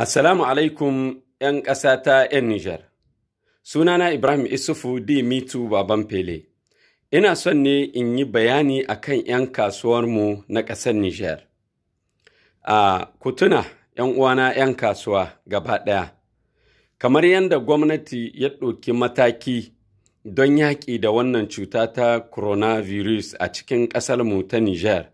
Assalamu alaikum ‘yan ƙasa ta ‘yan Nijar. Sunana Ibrahim Isufu di Mitu Baban Fele. Ina son ne in yi bayani a kan ‘yan mu na ƙasar Nijar. A kutuna ‘yan uwana ‘yan kasuwa gaba ɗaya. Kamar yadda gwamnati ya ɗauki mataki don yaƙi da wannan cuta ta coronavirus a cikin ƙasarmu ta Nijar,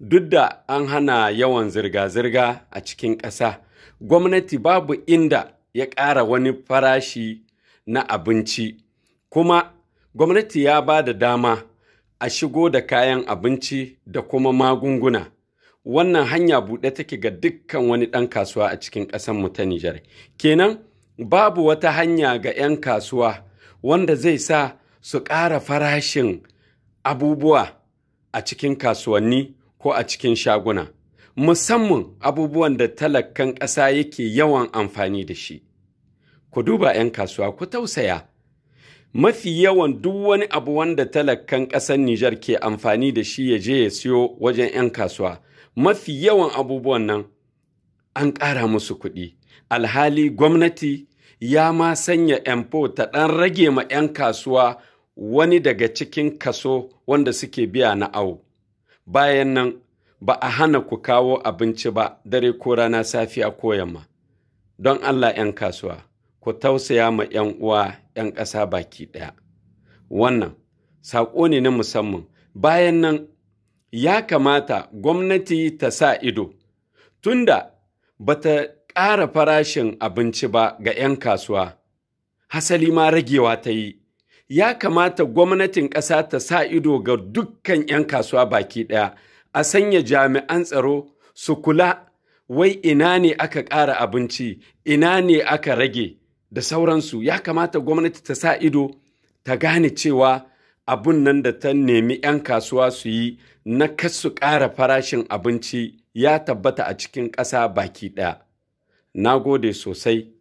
duk da an hana yawan zirga-zirga a cikin ƙasa. gwamnati babu inda ya ƙara wani farashi na abinci kuma gwamnati ya ba da dama a shigo da kayan abinci da kuma magunguna wannan hanya buɗe take ga dukkan wani ɗan kasuwa a cikin ƙasanmu ta Nijar. Kenan babu wata hanya ga 'yan kasuwa wanda zai sa su ƙara farashin abubuwa a cikin kasuwanni ko a cikin shaguna. musamman abubuwan da talakan ƙasa yake yawan amfani da shi. Ku duba 'yan kasuwa ku tausaya. Mafi yawan duk wani abu wanda talakan ƙasar Nijar ke amfani da shi ya je ya siyo wajen 'yan kasuwa. Mafi yawan abubuwan nan an ƙara musu kuɗi. Alhali gwamnati ya ma sanya empo ta ɗan rage ma 'yan kasuwa wani daga cikin kaso wanda suke biya na awo. Bayan nan ba a hana ku kawo abinci ba dare ko rana safiya ko yamma don Allah 'yan kasuwa ku tausaya ma 'yan uwa 'yan ƙasa baki ɗaya wannan saƙo ne na musamman bayan nan ya kamata gwamnati ta sa ido tunda ba ta ƙara farashin abinci ba ga 'yan kasuwa hasali ma ragewa ta yi ya kamata gwamnatin ƙasa ta sa ido ga dukkan 'yan kasuwa baki ɗaya a sanya jami'an tsaro su kula wai ina ne aka ƙara abinci ina ne aka rage da sauransu ya kamata gwamnati ta sa ido ta gane cewa abun nan da ta nemi 'yan kasuwa su yi na kasu ƙara farashin abinci ya tabbata a cikin ƙasa baki ɗaya. Na gode sosai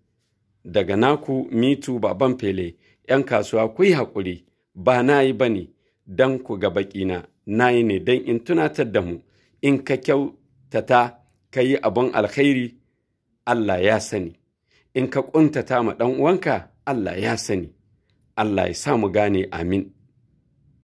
daga naku mitu baban fele 'yan kasuwa ku yi haƙuri ba na yi ba ne don ku ga baƙina na yi ne don in tunatar da mu in ka kyautata ka yi abin alkhairi Allah ya sani in ka ƙuntata ma ɗan uwanka Allah ya sani Allah ya sa mu gane amin